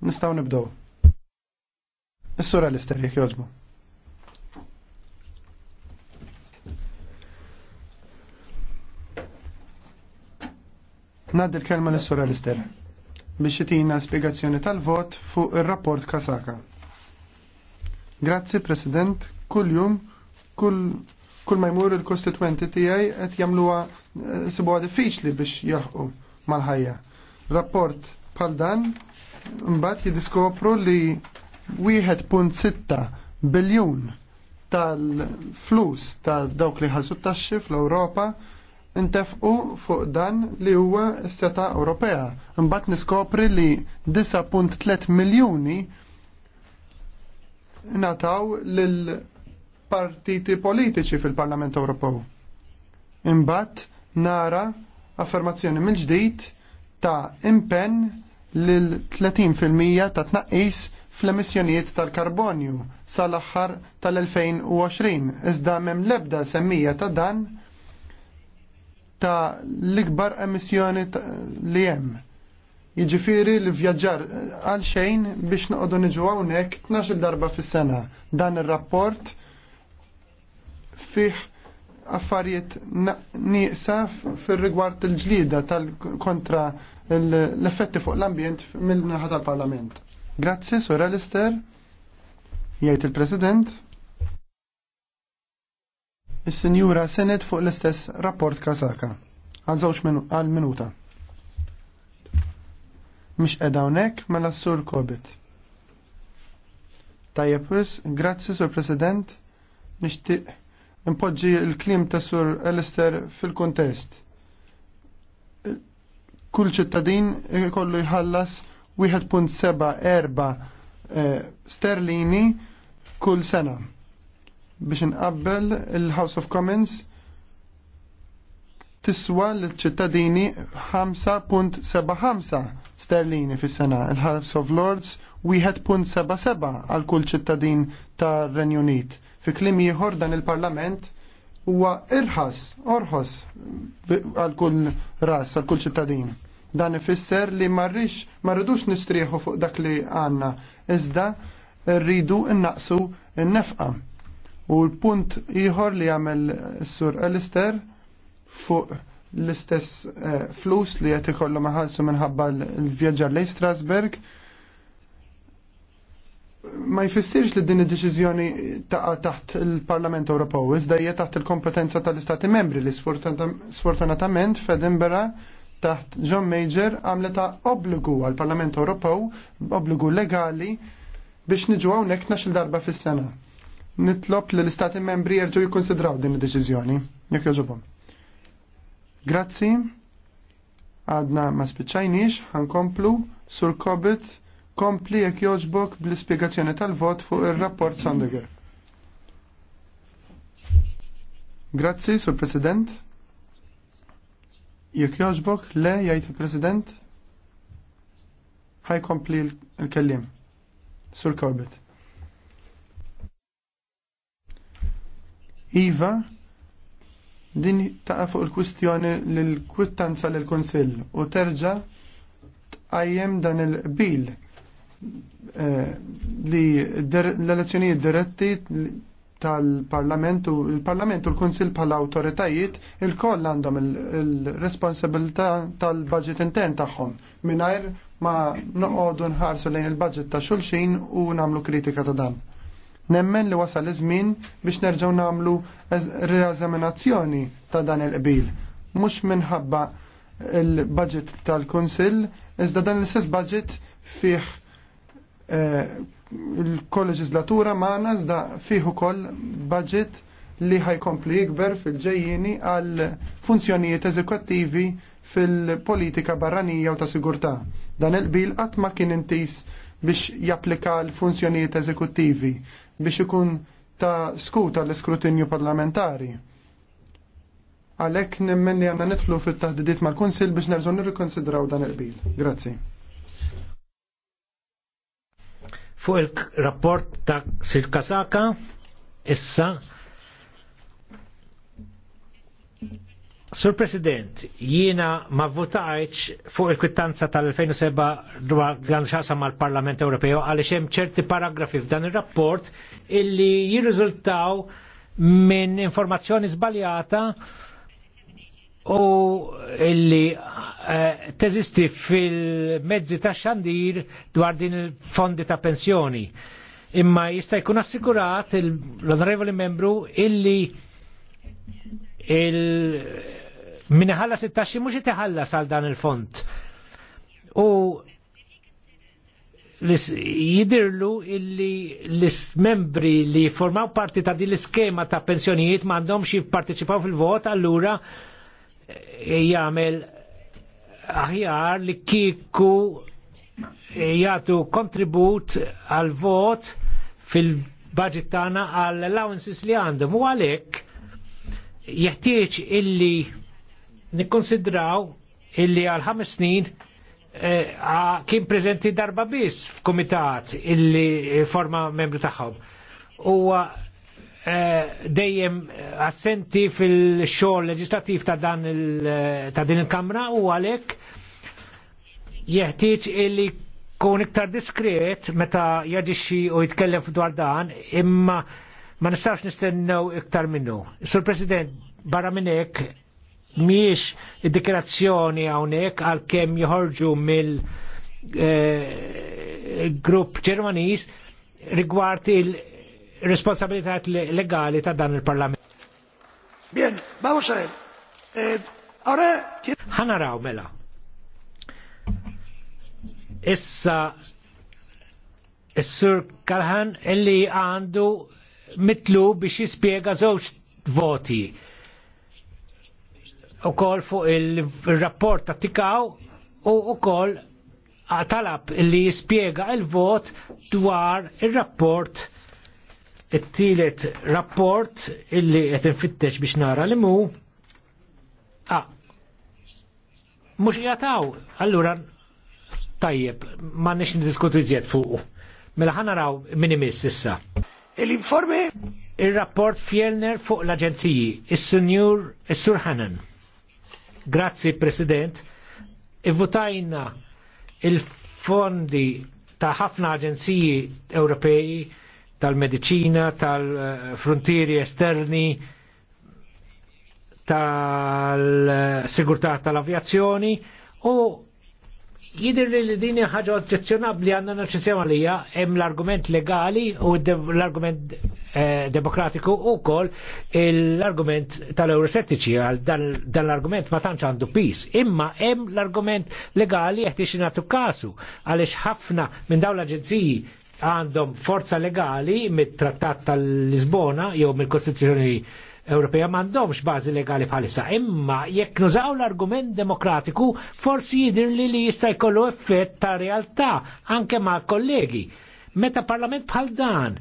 Nistaw nibdow. Is-sura l-ister jek joġbu. Nad il-kelma l-sura l-ister biex jitina spiegazzjoni tal-vot fuq il-rapport Kasaka. Grazzi, President, kull-jum, kull, kull ma jmur il-kostituenti tijaj et jamluwa eh, sibuwa diffiċli biex jaħu mal-ħajja. Rapport Bħal dan, mbagħad jiddiskopru li 1.6 biljun tal-flus tal dawk li ħassu taxxi fl-Ewropa intefqu fuq dan li huwa s-seta Ewropea. Mbagħad niskopri li 9.3 miljuni nataw lil partiti politiċi fil-Parlament Ewropew. Imbagħad nara affermazzjoni mill-ġdid ta' impenn lil 30 ta' tnaqqis fl-emissjonijiet tal-karbonju sal-aħħar tal-2020, iżda m'hemm l-ebda semmija ta' dan ta' l-ikbar emissjoni li hemm. Jiġifieri l-vjaġġar għal xejn biex noqogħdu niġu hawnhekk 12 darba fis-sena. Dan ir-rapport fih affarijiet nieqsa fir-rigward il-ġlida tal-kontra l-effetti fuq l-ambjent mill-naħa tal-Parlament. Grazzi, Sora Lister, jgħid il-President. Is-Sinjura Senet fuq l-istess rapport Kasaka. Għal-żewġ għal-minuta. Mhix qiegħda hawnhekk mela s-Sur Kobit. Tajjeb grazzi Sur President, nixtieq impoġġi l-klim ta' Sur Alistair fil-kontest. Kull ċittadin kollu jħallas 1.74 eh, sterlini kull sena biex nqabbel il-House of Commons tiswa l-ċittadini 5.75 sterlini fis sena il-House of Lords 1.77 għal kull ċittadin tar renju Unit. Fi klim ieħor dan il-Parlament huwa irħas, orħos għal kull ras, għal kull ċittadin. Dan ifisser li marrix, marridux nistrieħu fuq dak li għanna, iżda rridu innaqsu n-nefqa. U l-punt ieħor li għamel sur Alistair fuq l-istess eh, flus li qed ikollhom iħallsu minħabba l-vjaġġar lejn Strasberg ma jfissirx li din id-deċiżjoni taqa' taħt il-Parlament Ewropew, iżda hija taħt il-kompetenza tal-Istati Membri li sfortunatament f'Edinburgh taħt John Major għamlet ta' obbligu għal-Parlament Ewropew, obbligu legali biex niġu hawnhekk nax darba fis-sena. Nitlob li l-Istati Membri jerġgħu jikkonsidraw din id-deċiżjoni. Jekk jogħġobhom. Grazzi. Għadna ma spiċċajniex, ħankomplu sur Kobit Kompli jekk joġbok bl-ispiegazzjoni tal-vot fuq ir-rapport Sondeger. Grazzi, Sur President. Jekk joġbok, le jgħid il-President. Ħaj kompli l-kellim. Sur Corbett. Iva, din taqa fuq il-kwistjoni l-kwittanza l konsil u terġa' tqajjem dan il-bil Eh, li l-elezzjonijiet diretti tal parlamentu il l-Parlament u l-Kunsil bħala autoritajiet il-koll għandhom il-responsabilità tal-budget intern tagħhom mingħajr ma noqogħdu nħarsu lejn il-budget ta' xulxin u nagħmlu kritika ta' dan. Nemmen li wasal iż-żmien biex nerġgħu nagħmlu reeżaminazzjoni ta' dan il-qbil. Mhux minħabba il-budget tal kunsill iżda dan l-istess budget fih Eh, il-kolleġislatura maħna zda fiħu kol budget li ħajkompli jikber fil-ġejjini għal funzjonijiet eżekuttivi fil-politika barranija u ta' sigurtà. Dan il-bil qatt ma kien intis biex japplika l-funzjonijiet eżekuttivi biex ikun ta' skuta l-iskrutinju parlamentari. Għalek nemmen li għanna nitħlu fit-taħdidiet mal-Kunsil biex nerżon nirrikonsidraw dan il-bil. Grazzi fuq il-rapport ta' Sir Kasaka issa Sur President, jiena ma votajċ fuq il-kwittanza tal-2007 dwar dan xasa mal-Parlament Ewropew għaliex hemm ċerti paragrafi f'dan ir-rapport illi jirriżultaw minn informazzjoni żbaljata u illi eh, teżisti fil-mezzi ta' xandir dwar din il-fondi ta' pensjoni. Imma jista' jkun assigurat l-onorevoli membru illi il minn minħalla 16 mhux iteħallas għal dan il-font. U jidirlu illi l-membri li formaw parti ta' din l-iskema ta' pensjonijiet m'għandhomx jipparteċipaw fil-vot allura E jgħamil aħjar li kieku e jagħtu kontribut għal vot fil-budget tagħna għall allowances li għandhom u għalhekk jeħtieġ illi nikkonsidraw illi għal ħames snin eh, kien preżenti darba biss f'kumitat illi forma membru tagħhom. u. Eh, dejjem assenti fil-xogħol leġislattiv ta' dan il eh, ta' din il-Kamra u għalhekk jeħtieġ illi kun iktar diskret meta jaġixxi u jitkellem dwar dan imma ma nistax nistennew iktar minnu. Sur President, barra minn hekk mhijiex id-dikirazzjoni hawnhekk għalkemm joħorġu mill-grupp eh, Ġermaniż rigward il- responsabilitat legali ta' dan il-parlament. Bien, vamos a ver. Eh, ahora... raw, mela. Issa, Is-Sur Kalhan illi għandu mitlu biex jispiega żewġ voti. U kol fuq il-rapport ta' tikaw u u kol talab illi jispiega il-vot dwar il-rapport it-tielet rapport illi qed infittex biex nara li mu ah, mhux jataw allura tajjeb ma nix niddiskutu iżjed fuq. Mela naraw raw minimis issa. il informi Il-rapport Fjellner fuq l-Aġenziji, il-Senjur, il-Sur Hanan. Grazzi, President. Ivvutajna il-fondi ta' ħafna aġenziji Ewropej tal-medicina, tal-frontieri esterni, tal-sigurtà tal-avjazzjoni u jidir li din ħaġa oġġezzjonabbli għandna naċċezzjoni għalija hemm l-argument legali u l-argument eh, demokratiku u kol l-argument tal eurosettici għal dan l-argument ma tantx għandu pis. Imma hemm l-argument legali jeħtiex nagħtu kasu għaliex ħafna minn dawn l-aġenziji għandhom forza legali mit-trattat tal-Lisbona jew mill-Kostituzzjoni Ewropea m'għandhomx bażi legali bħalissa. Imma jekk nużaw l-argument demokratiku forsi jidirli li jista' jkollu effett ta' realtà anke ma' kollegi. Meta parlament bħal dan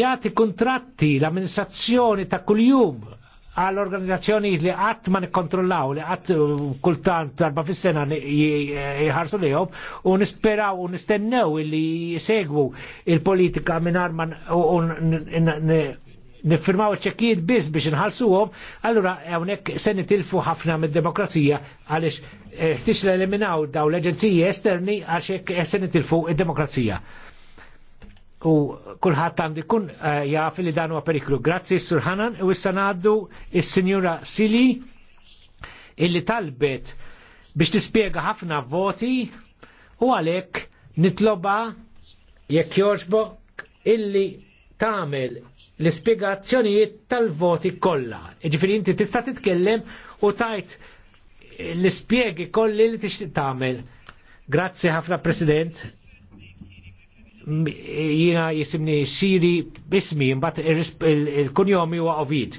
jagħti kuntratti l-amministrazzjoni ta' kuljum għal organizzazzjoni li għatt ma nikkontrollaw, li għatt uh, kultant darba fis-sena jħarsu lihom u nisperaw u nistennew li jisegwu il-politika minar ma nifirmaw ċekkijiet biss biex nħalsuhom, allura hawnhekk se nitilfu ħafna mid-demokrazija għaliex eh, tix l-eliminaw daw l eġenzija esterni għax hekk se nitilfu id-demokrazija u kulħadd għandu jkun eh, jaf li dan huwa periklu. Grazzi Sur Hanan u issa ngħaddu is-Sinjura Sili illi talbet biex tispjega ħafna voti u għalhekk nitloba jekk joġbok illi tagħmel l-ispjegazzjonijiet tal-voti kollha. Ġifieri inti tista' titkellem u tajt l-ispjegi kolli li tixtieq tagħmel. Grazzi ħafna President, jina jisimni Siri bismi imbagħad il-kunjomi huwa Ovid.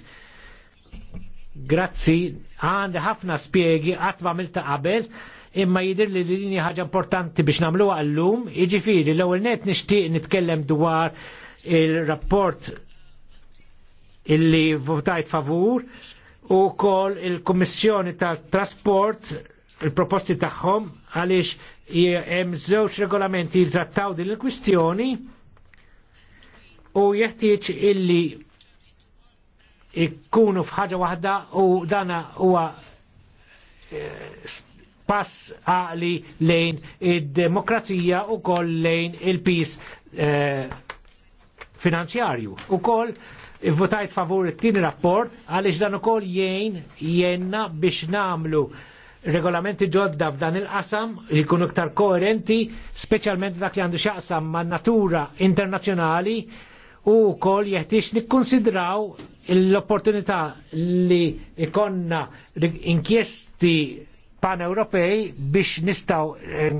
Grazzi, għandi ħafna spiegi għatma milta qabel imma jidir li l-linja ħaġa importanti biex namlu għallum, iġifiri, l ewwel net nishtiq nitkellem dwar il-rapport illi votajt favur u kol il-Kommissjoni tal-Trasport il-proposti tagħhom għaliex hemm żewġ regolamenti li trattaw din il-kwistjoni u jeħtieġ illi ikkunu f'ħaġa waħda u dana huwa eh, pass għali lejn id-demokrazija u koll lejn il-pis eh, finanzjarju. U koll votajt favur it-tini rapport għaliex dan u koll jgħin jenna biex namlu regolamenti ġodda f'dan il-qasam jkunu iktar koerenti, speċjalment dak li għandu xaqsam ma' natura internazzjonali u kol jeħtiex nikkonsidraw l-opportunità li ikonna inkjesti pan-Ewropej biex nistaw,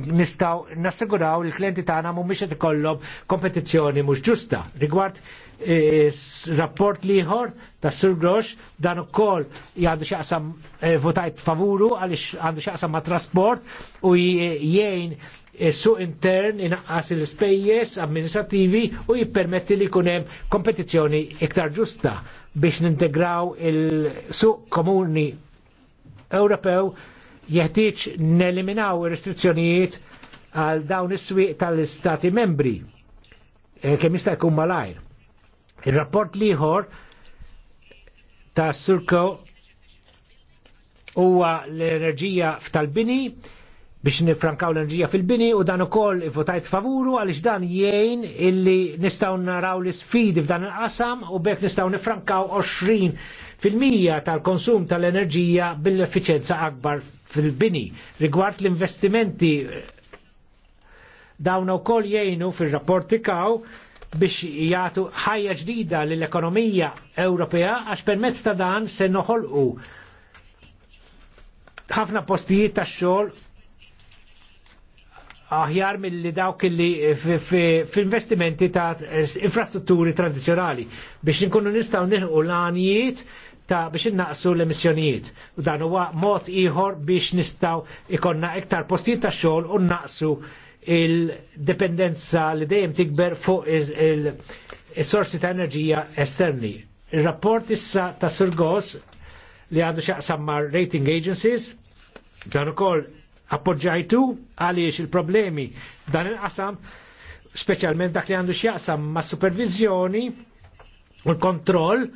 nistaw nassiguraw li l-klienti tagħna mhumiex qed ikollhom kompetizzjoni mhux ġusta rigward rapport liħor ta' Sir Grosh dan ukoll jgħandu xaqsam eh, votajt favuru għaliex għandu xaqsam ma' trasport u jgħin su intern inaqqas il-spejjes amministrativi u jippermetti li jkun hemm iktar ġusta biex nintegraw il-suq komuni Ewropew jeħtieġ neliminaw restrizzjonijiet għal dawn is-swieq tal-istati membri eh, kemm jista' jkun malajr Il-rapport liħor ta' Surko huwa l-enerġija f'tal-bini biex nifrankaw l-enerġija fil-bini u dan ukoll votajt favuru għaliex dan jgħin illi nistgħu naraw l-isfidi f'dan il-qasam u bekk nistgħu nifrankaw 20% tal-konsum tal-enerġija bil-effiċenza akbar fil-bini. Rigward l-investimenti dawn ukoll jgħinu fil-rapporti kaw biex jgħatu ħajja ġdida l-ekonomija Ewropea għax permezz ta' dan se noħolqu ħafna postijiet ta' xogħol aħjar mill-li dawk li f'investimenti ta' infrastrutturi tradizjonali biex nkunu nistgħu nilħu l-għanijiet ta' biex innaqsu l-emissjonijiet. U dan huwa mod ieħor biex nistgħu ikonna iktar postijiet ta' xogħol u naqsu il-dependenza li dejjem tikber fuq il-sorsi ta' enerġija esterni. Il-rapport issa ta' Sir Surgos li għandu xaqsam ma' rating agencies, dan ukoll appoġġajtu għaliex il-problemi dan il-qasam, speċjalment dak li għandu xaqsam ma' supervizjoni u l-kontroll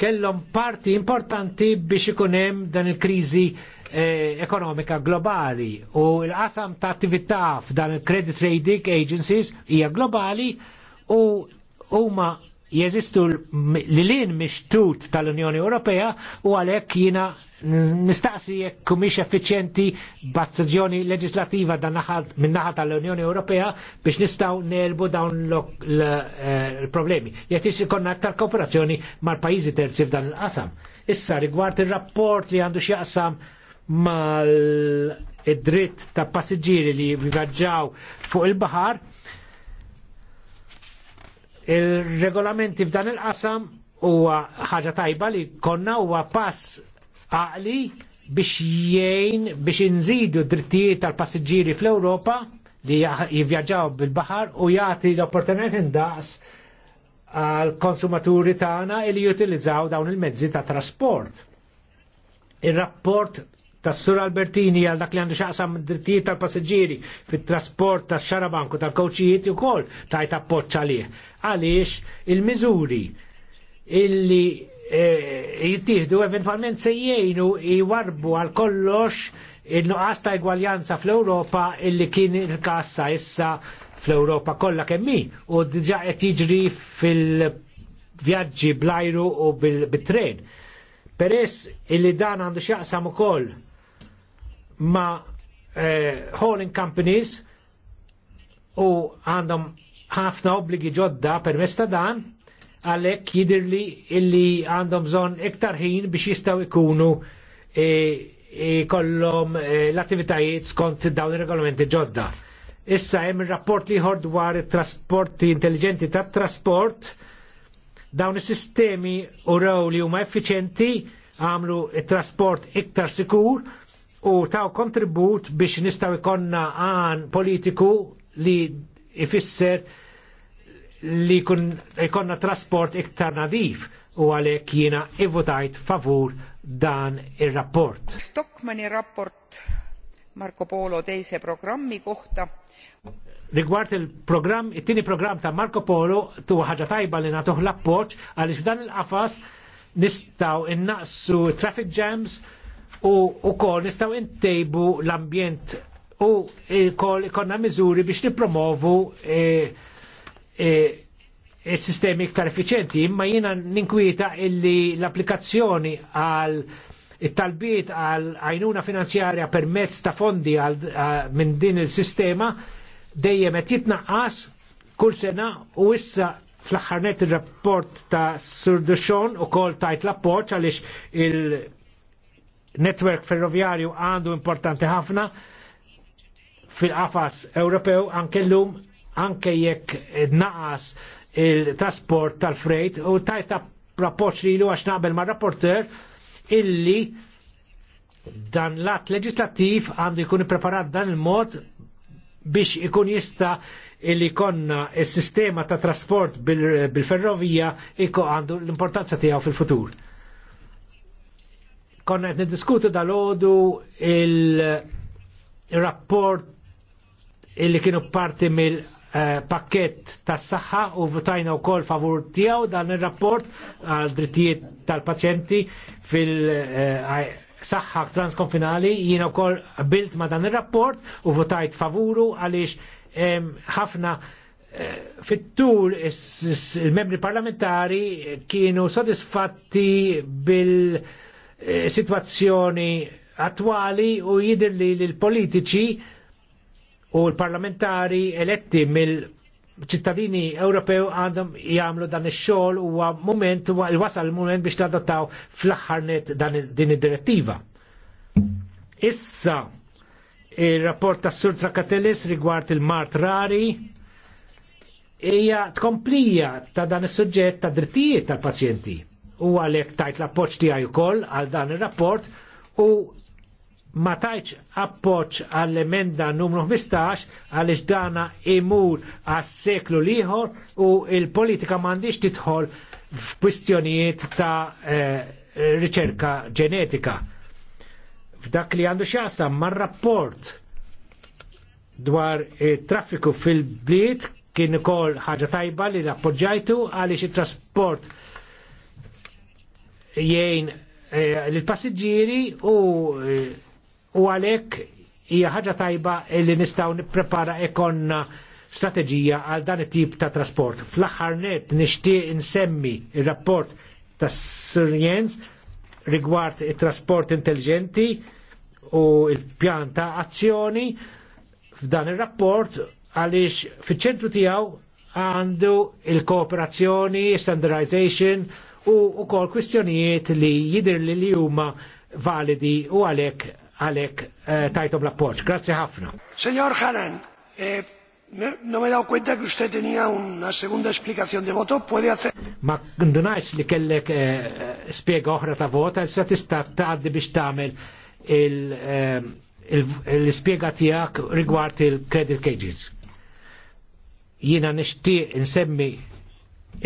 kellhom parti importanti biex ikunem dan il krizi Eh, ekonomika globali u l-qasam ta' attività f'dan il-credit trading agencies hija globali u huma jeżistu l-lin mixtut tal-Unjoni Ewropea u għalhekk jiena nistaqsi jekk kumiex effiċjenti b'azzjoni leġislativa min-naħa tal-Unjoni Ewropea biex nistgħu nelbu dawn eh, l-problemi. Jekk ix ikonna aktar kooperazzjoni mal-pajjiżi terzi f'dan il-qasam. Issa rigward ir-rapport li għandu x'jaqsam mal id-dritt ta' passiġġieri li jivvjaġġaw fuq il-bahar, il-regolamenti f'dan il-qasam huwa ħaġa tajba li konna huwa pass għaqli biex jgħin biex inżidu drittijiet tal-passiġġieri fl-Ewropa li jivvjaġġaw bil-bahar u jagħti l-opportunità indaqs għal konsumaturi tagħna li jutilizzaw dawn il-mezzi ta' trasport. Il-rapport tas-Sur Albertini għal dak li għandu xaqsam drittijiet tal-passiġġieri fit-trasport tax-xarabanku tal-kawċijiet ukoll tajt appoġġ għalih. Għaliex il-miżuri illi e, jittieħdu eventwalment se jgħinu jwarbu għal kollox il-nuqqas ta' egwaljanza fl-Ewropa illi kien il-kassa issa fl-Ewropa kollha kemmi u diġa qed jiġri fil-vjaġġi blajru u bil-tren. Peress illi dan għandu x'jaqsam ukoll ma eh, hauling companies u għandhom ħafna obbligi ġodda per mesta dan għalek jidirli illi għandhom zon iktar ħin biex jistaw ikunu e, eh, e, eh, kollom e, eh, l-attivitajiet skont dawn il-regolamenti ġodda. Issa hemm il-rapport li ħor dwar trasporti intelligenti ta' trasport dawn is-sistemi u raw li huma effiċenti għamlu il trasport iktar sikur u taw kontribut biex nistaw ikonna għan politiku li ifisser li kun ikonna trasport iktar nadif u għalek jiena ivvotajt favur dan il-rapport. Stockmani rapport Marco Polo teise programmi kohta. Rigward il-programm, it-tini programm ta' Marco Polo, tu ħaġa tajba li natuħ l-appoċ, għalix dan il-qafas nistaw innaqsu traffic jams, u kol nistaw ntejbu l-ambjent u kol ikonna miżuri biex nippromovu e, e, e, sistemi iktar efficienti, imma jiena ninkwieta illi l-applikazzjoni għal it-talbiet għal għajnuna finanzjarja permezz ta' fondi minn din il-sistema dejjem qed jitnaqqas kull sena u issa fl-aħħar net ir rapport ta' Sur Duxon u kol tajt l-appoċ għaliex il- netwerk ferroviarju għandu importanti ħafna fil-qafas Ewropew anke llum anke jekk naqas il-trasport tal-frejt u tajta rapporċ li għax naqbel ma' rapporter illi dan l-att leġislattiv għandu jkun preparat dan il-mod biex ikun jista illi konna il-sistema ta' trasport bil-ferrovija bil, għandu l-importanza tijaw fil-futur. Konna qed niddiskutu dal ħodu il-rapport illi kienu parti mill eh, pakket tas saħħa u votajna u kol favur tijaw dan il-rapport għal drittijiet tal-pazjenti fil-saħħa eh, transkonfinali jina u kol bilt ma dan il-rapport u votajt favuru għalix ħafna eh, fit-tul il-membri parlamentari kienu sodisfatti bil- Eh, situazzjoni attwali u jidher li l-politiċi u l-parlamentari eletti mill ċittadini Ewropew għandhom jagħmlu dan ix-xogħol huwa mument wasal il-mument biex tadottaw fl-aħħar net din id-direttiva. Issa il-rapport ta' Sur Trakatelis rigward il-Mart Rari hija tkomplija ta' dan is-suġġett ta' drittijiet tal-pazjenti u għalhekk tajt l tijaj u koll għal dan ir-rapport u ma tajċ appoċ għall-emenda numru 15 għal dana imur għas seklu liħor u il-politika mandiċ titħol f'kwistjonijiet ta' eh, riċerka ġenetika. F'dak li għandu xjasam ma' rapport dwar traffiku fil-bliet kien ukoll ħaġa tajba li l-appoġġajtu għaliex it-trasport jgħin eh, l-passiġġieri u eh, u għalek hija ħaġa tajba li nistgħu nipprepara ikonna strateġija għal dan it-tip ta' trasport. Fl-aħħar net nixtieq insemmi ir-rapport tas Sir Jens rigward it-trasport intelligenti u il-pjan ta' azzjoni f'dan ir-rapport għaliex fiċ-ċentru tiegħu għandu il-kooperazzjoni, standardization u kol kwistjonijiet li jidir li li huma validi u għalek għalek eh, tajtom la appoġġ Grazie ħafna. Senjor Hanan, eh, No me daw kwenta cuenta que usted tenía una segunda explicación de voto. Puede hacer. Ma ndunajx li kellek eh, spiega oħra ta' vota, il issa tista' tgħaddi biex tagħmel il-spiega tijak rigward il-credit cages. Jina nishti nsemmi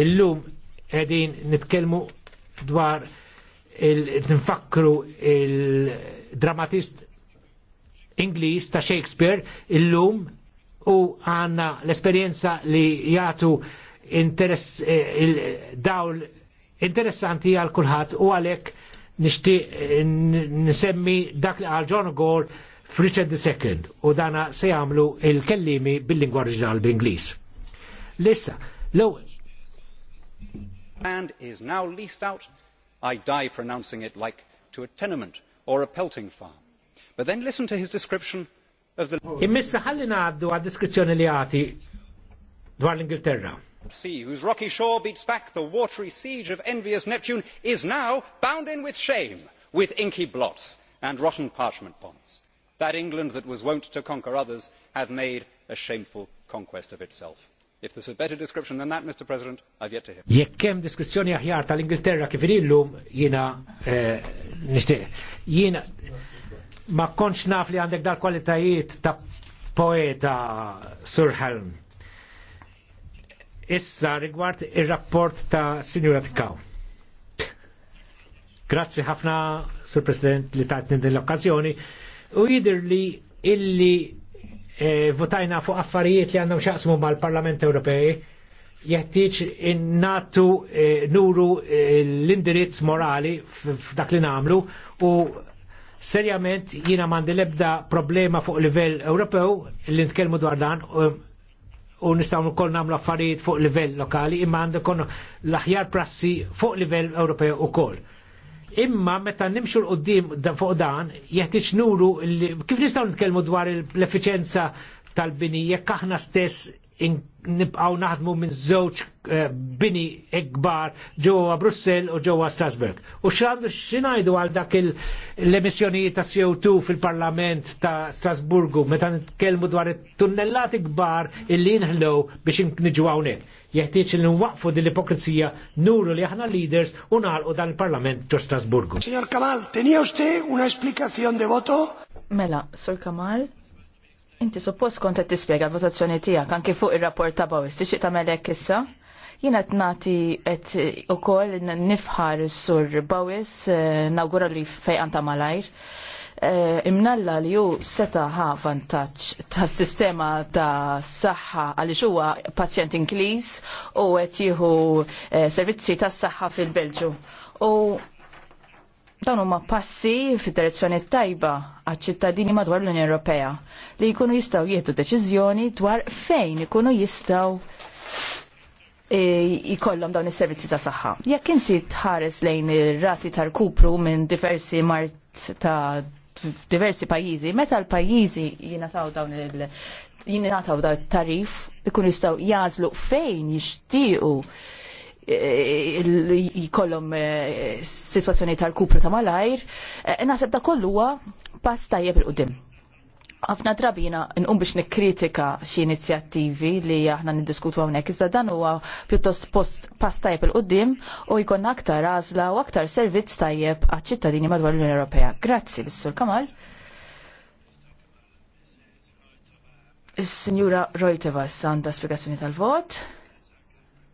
il-lum edin nitkelmu dwar il-nfakru il-dramatist Inglis ta' Shakespeare illum u għanna l-esperienza li jgħatu interess, eh, dawl interessanti għal kulħadd u għalek nishti eh, nsemmi dak li għal John Gore f'Richard II u dana se jagħmlu il-kellimi bil-lingwa oriġinali bl-Ingliż. Lissa, l land is now leased out i die pronouncing it like to a tenement or a pelting farm. but then listen to his description of the. immissa Hallinardo a għad li dwar Sea, whose rocky shore beats back the watery siege of envious Neptune, is now bound in with shame, with inky blots and rotten parchment bonds. That England that was wont to conquer others hath made a shameful conquest of itself If there's a better description than that, Mr. President, I've yet to hear. Jek kem diskussjoni aħjar tal-Ingilterra kif irillum jiena eh, nixtieq. Jiena ma kontx naf li għandek dal-kwalitajiet ta' poeta Sir Helm. Issa rigward ir-rapport ta' Sinjura Tikaw. Grazzi ħafna, Sir President, li tatni din l-okkazjoni. U jidir li illi E, votajna fuq affarijiet li għandhom xaqsmu mal-Parlament Ewropej jeħtieġ innatu e, nuru e, l-indirizz morali f'dak li namlu u serjament jina mandi lebda problema fuq livell Ewropew li nitkellmu dwar dan u nistaw nkoll namlu affarijiet fuq livell lokali imma għandu kon l-aħjar prassi fuq livell Ewropew u koll Imma meta nimxu l-qoddim fuq dan, jeħtieġ nuru kif nistgħu nitkellmu dwar l efficienza tal-bini jekk aħna stess nibqaw naħdmu minn żewġ eh, bini ikbar ġewwa Brussell u ġewwa Strasburg. U x'għandu x'ingħidu għal dak l-emissjonijiet ta' CO2 fil-Parlament ta' Strasburgu meta nitkellmu dwar it-tunnellati kbar illi jinħlew biex niġu hawnhekk. Jeħtieġ li nwaqfu din l-ipokrizija nuru li aħna leaders u nagħlqu dan il-Parlament ġo Strasburgu. Signor Kamal, tenija usted una esplikazzjon de voto? Mela, Sur Kamal, Inti suppost kont qed tispjega l-votazzjoni tiegħek anke fuq ir-rapport ta' Bawis, tixtieq tagħmel hekk issa? Jiena qed nagħti qed ukoll nifħar sur Bawis eh, nawgura li fejqan ta' malajr. Eh, imnalla li ju seta ħa vantaġġ tas sistema ta' saħħa għaliex huwa pazjent Ingliż u qed jieħu eh, servizzi tas saħħa fil-Belġu. U Dawn huma passi fid-direzzjoni tajba għaċ-ċittadini madwar l-Unjoni Ewropea li jkunu jistgħu jieħdu deċiżjoni dwar fejn ikunu jistgħu e, jkollhom dawn is-servizzi ta' saħħa. Jekk inti tħares lejn ir-rati ta' rkupru minn diversi mart ta' diversi pajjiżi, meta l-pajjiżi jingħataw dawn il jingħataw dawn it-tarif ikun jistgħu jażlu fejn jixtiequ jkollhom eh, situazzjoni tal-kupru ta' malajr, eh, naħseb da kolluwa pass tajjeb il-qudiem. Għafna drabina nqum biex nikkritika xi inizjattivi li aħna niddiskutu hawnhekk iżda dan huwa pjuttost post pass tajjeb il qudiem u jkun aktar għażla u aktar servizz tajjeb għaċ-ċittadini madwar l-Unjoni Ewropea. Grazzi l-Sur Kamal. Is-Sinjura Rojteva s-sanda spiegazzjoni tal-vot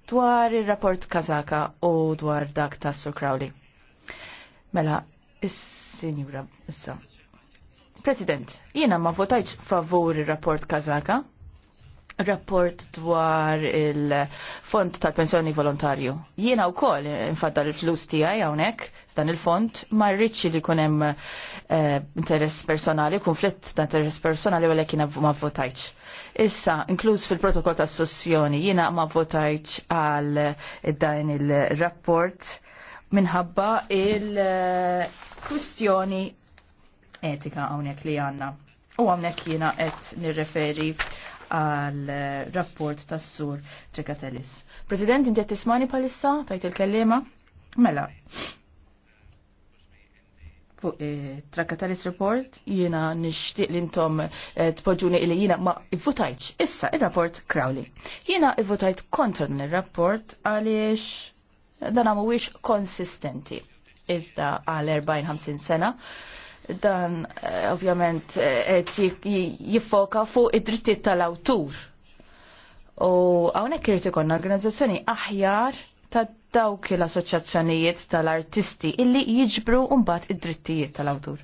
dwar il-rapport Kazaka u dwar dak ta' Sur Crowley. Mela, is-sinjura issa. President, jiena ma votajċ favur il-rapport Kazaka, rapport dwar il-fond tal-pensjoni volontarju. Jiena u koll, infadda l flus tijaj għawnek, f'dan il-fond, ma rridx li kunem eh, interess personali, konflitt ta' interess personali, għalek jiena ma votajċ Issa, inkluż fil-protokoll ta' sessjoni, jina ma votajċ għal id-dajn il-rapport minħabba il-kwistjoni etika għawnek li għanna. U għawnek jina għet nirreferi għal rapport tas sur Trekatelis. President, inti tismani palissa, tajt il-kellima? Mela, Eh, Trakatalis report jiena nixtieq li intom eh, tpoġġuni li jiena ma ivvutajtx issa ir-rapport Crowley. Jiena ivvutajt kontra dan ir-rapport għaliex dan mhuwiex konsistenti iżda għal 40-50 sena dan eh, ovvjament qed jiffoka fuq id-drittijiet tal-awtur. U hawnhekk kirti konna organizzazzjoni aħjar ta' dawk l-assoċjazzjonijiet tal-artisti illi jiġbru mbagħad id-drittijiet tal-awtur.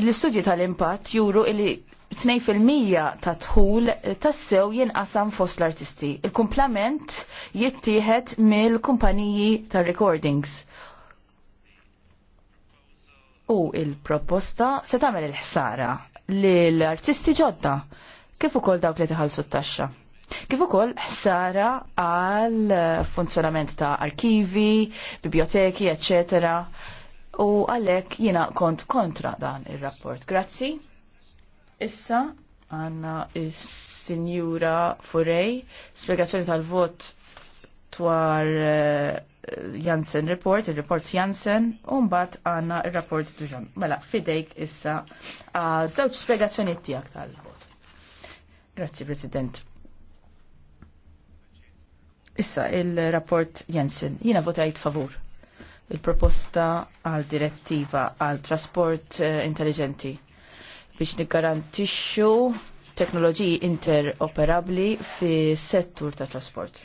L-istudji tal-impatt juru illi 2% ta' tħul tassew jinqasam fost l-artisti. Il-kumplament jittieħed mill-kumpaniji ta' recordings. U il-proposta se tagħmel il-ħsara lill artisti ġodda kif ukoll dawk li taħallsu t-taxxa. Kif ukoll ħsara għal funzjonament ta' arkivi, biblioteki, eccetera. U għalek jina kont kontra dan il-rapport. Grazzi. Issa għanna il-Sinjura Furej, spiegazzjoni tal-vot dwar eh, Jansen Report, il-Report Jansen, un-bat għanna il-Rapport Dujon. Mela, fidejk issa għal zewċ spiegazzjoni tijak tal-vot. Grazzi, President. Issa il-rapport Jensen, jina votajt favur il-proposta għal direttiva għal trasport eh, intelligenti biex nigarantixxu teknoloġiji interoperabli fi settur ta' trasport.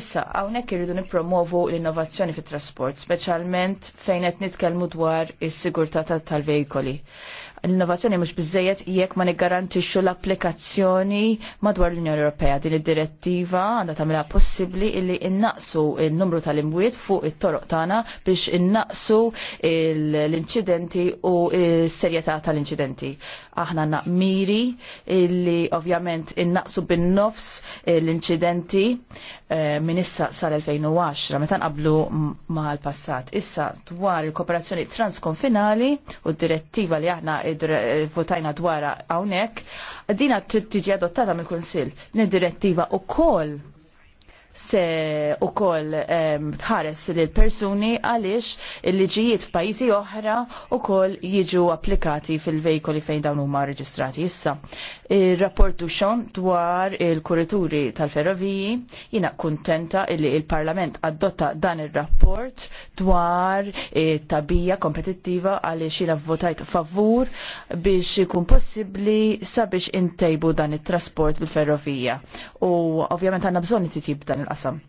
Issa, hawnhekk irridu nippromovu l-innovazzjoni fit trasport, speċjalment fejn qed nitkellmu dwar is-sigurtà tal-vejkoli. tal vejkoli l-innovazzjoni mhux biżejjed jekk ma niggarantixxu l-applikazzjoni madwar l-Unjoni Ewropea. Din id-direttiva għandha tagħmilha possibbli illi innaqsu n-numru tal-imwiet fuq it-toroq tagħna biex innaqsu l-inċidenti u s-serjetà tal-inċidenti. Aħna għandna miri illi ovvjament innaqsu bin-nofs l-inċidenti eh, minn issa sal-2010 meta nqablu mal-passat. Issa dwar il-kooperazzjoni transkonfinali u d-direttiva li aħna votajna dwar hawnhekk, dina trid tiġi adottata mill-Kunsill. Din direttiva direttiva kol se u koll tħares l-persuni għalix il-liġijiet f'pajjiżi oħra u koll jiġu applikati fil-vejkoli fejn dawn huma reġistrati issa. Il-rapportu xon dwar il-kurituri tal-ferroviji jina kontenta illi il-Parlament adotta dan il-rapport dwar e, tabija kompetittiva għalix jina votajt favur biex ikun possibli sabiex intejbu dan il-trasport bil-ferrovija. U ovvjament għanna bżonni titib dan dan il-qasam.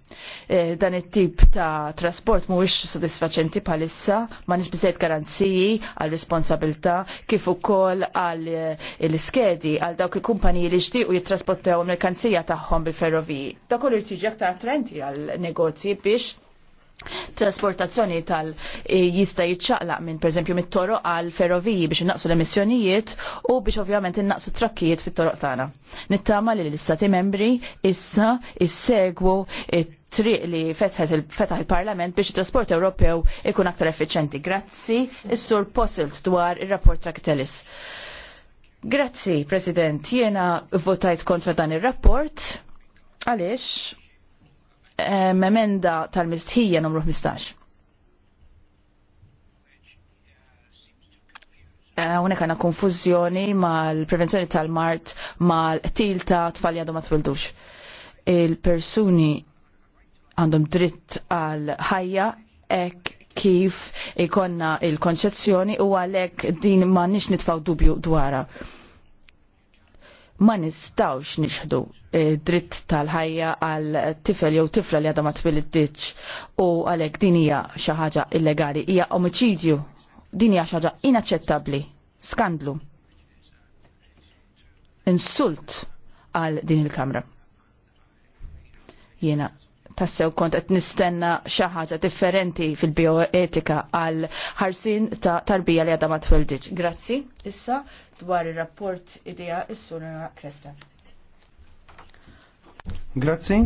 E, dan it-tip ta' trasport mhuwiex sodisfaċenti bħalissa, m'għandix biżejjed garanziji għal responsabilità kif ukoll għal e, l-iskedi għal dawk il-kumpaniji li jixtiequ jittrasportew merkanzija tagħhom bil-ferroviji. Dak kollu jtiġi aktar attenti għal negozji biex trasportazzjoni tal eh, jista jitċaqlaq minn perżempju mit-toroq għal ferroviji biex innaqsu l-emissjonijiet u biex ovvjament innaqsu trakkijiet fit-toroq tagħna. Nittama li l-istati membri issa issegwu triq li fetaħ il-Parlament biex it-trasport Ewropew ikun aktar effiċenti. Grazzi, is-sur Possilt dwar ir-rapport Traktelis. Grazzi, President. Jiena votajt kontra dan ir-rapport. Għaliex? memenda tal-mistħija numru 15. Eh, unek għana konfuzjoni mal-prevenzjoni tal-mart mal-til ta' tfal għadu ma twildux. Il-persuni għandhom dritt għal ħajja ek kif ikonna il-konċezzjoni u għalek din ma nix nitfaw dubju dwara ma nistawx nixħdu eh, dritt tal-ħajja għal tifel jew tifla li għadha ma tbiliddiċ u għalhekk din hija xi ħaġa illegali, hija omiċidju. Din hija xi ħaġa inaċċettabbli, skandlu. Insult għal din il-Kamra. Jiena tassew kont qed nistenna xi ħaġa differenti fil-bioetika għal ħarsin ta' tarbija li għadha ma tweldiġ. Grazzi, issa dwar ir-rapport idea is-sura Kresta. Grazzi.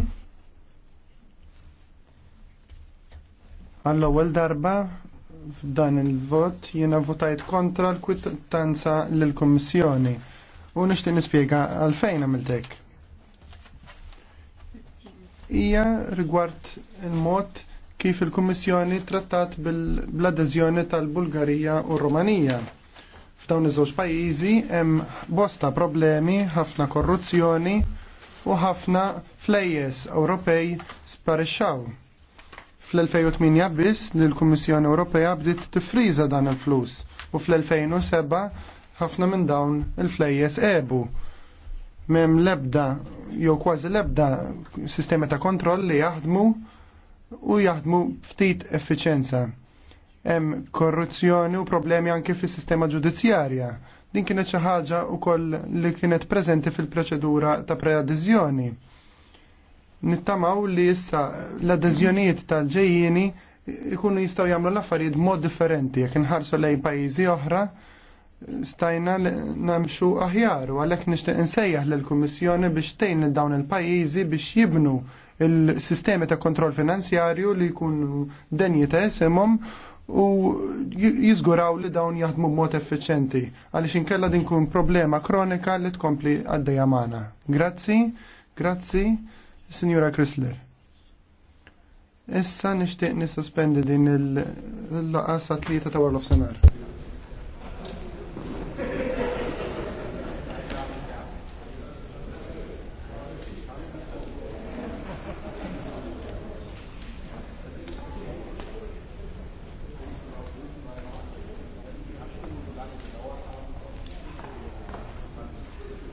Għall-ewwel darba f'dan il-vot jiena votajt kontra l-kwittanza lill kummissjoni u nixtieq nispjega għalfejn għamiltek hija rigward il-mod kif il-Kummissjoni trattat bl-adeżjoni tal-Bulgarija u Rumanija. F'dawn iż-żewġ pajjiżi hemm bosta problemi, ħafna korruzzjoni u ħafna flejjes Ewropej sparixxaw. Fl-2008 biss li l-Kummissjoni Ewropea bdiet tifriża dan il-flus u fl-2007 ħafna minn dawn il-flejjes ebu mem lebda jew kważi lebda sistema ta' kontroll li jaħdmu u jaħdmu ftit effiċenza. Hemm korruzzjoni u problemi anke fis-sistema ġudizzjarja. Din kienet xi ħaġa wkoll li kienet preżenti fil-proċedura ta' preadeżjoni. Nittamaw li issa l-adeżjonijiet tal-ġejjieni ikunu jistgħu jagħmlu l-affarijiet mod differenti jekk inħarsu lejn pajjiżi oħra stajna namxu aħjar u għalhekk nixtieq insejjaħ lill-Kummissjoni biex tejn dawn il-pajjiżi biex jibnu il-sistemi ta' kontroll finanzjarju li jkunu denji ta' esimhom u jiżguraw li dawn jaħdmu b'mod effiċenti għaliex inkella din kun problema kronika li tkompli għaddejja magħna. Grazzi, grazzi, Signora Chrysler. Issa nixtieq nissospendi din il sa tlieta ta' Warlof Senar.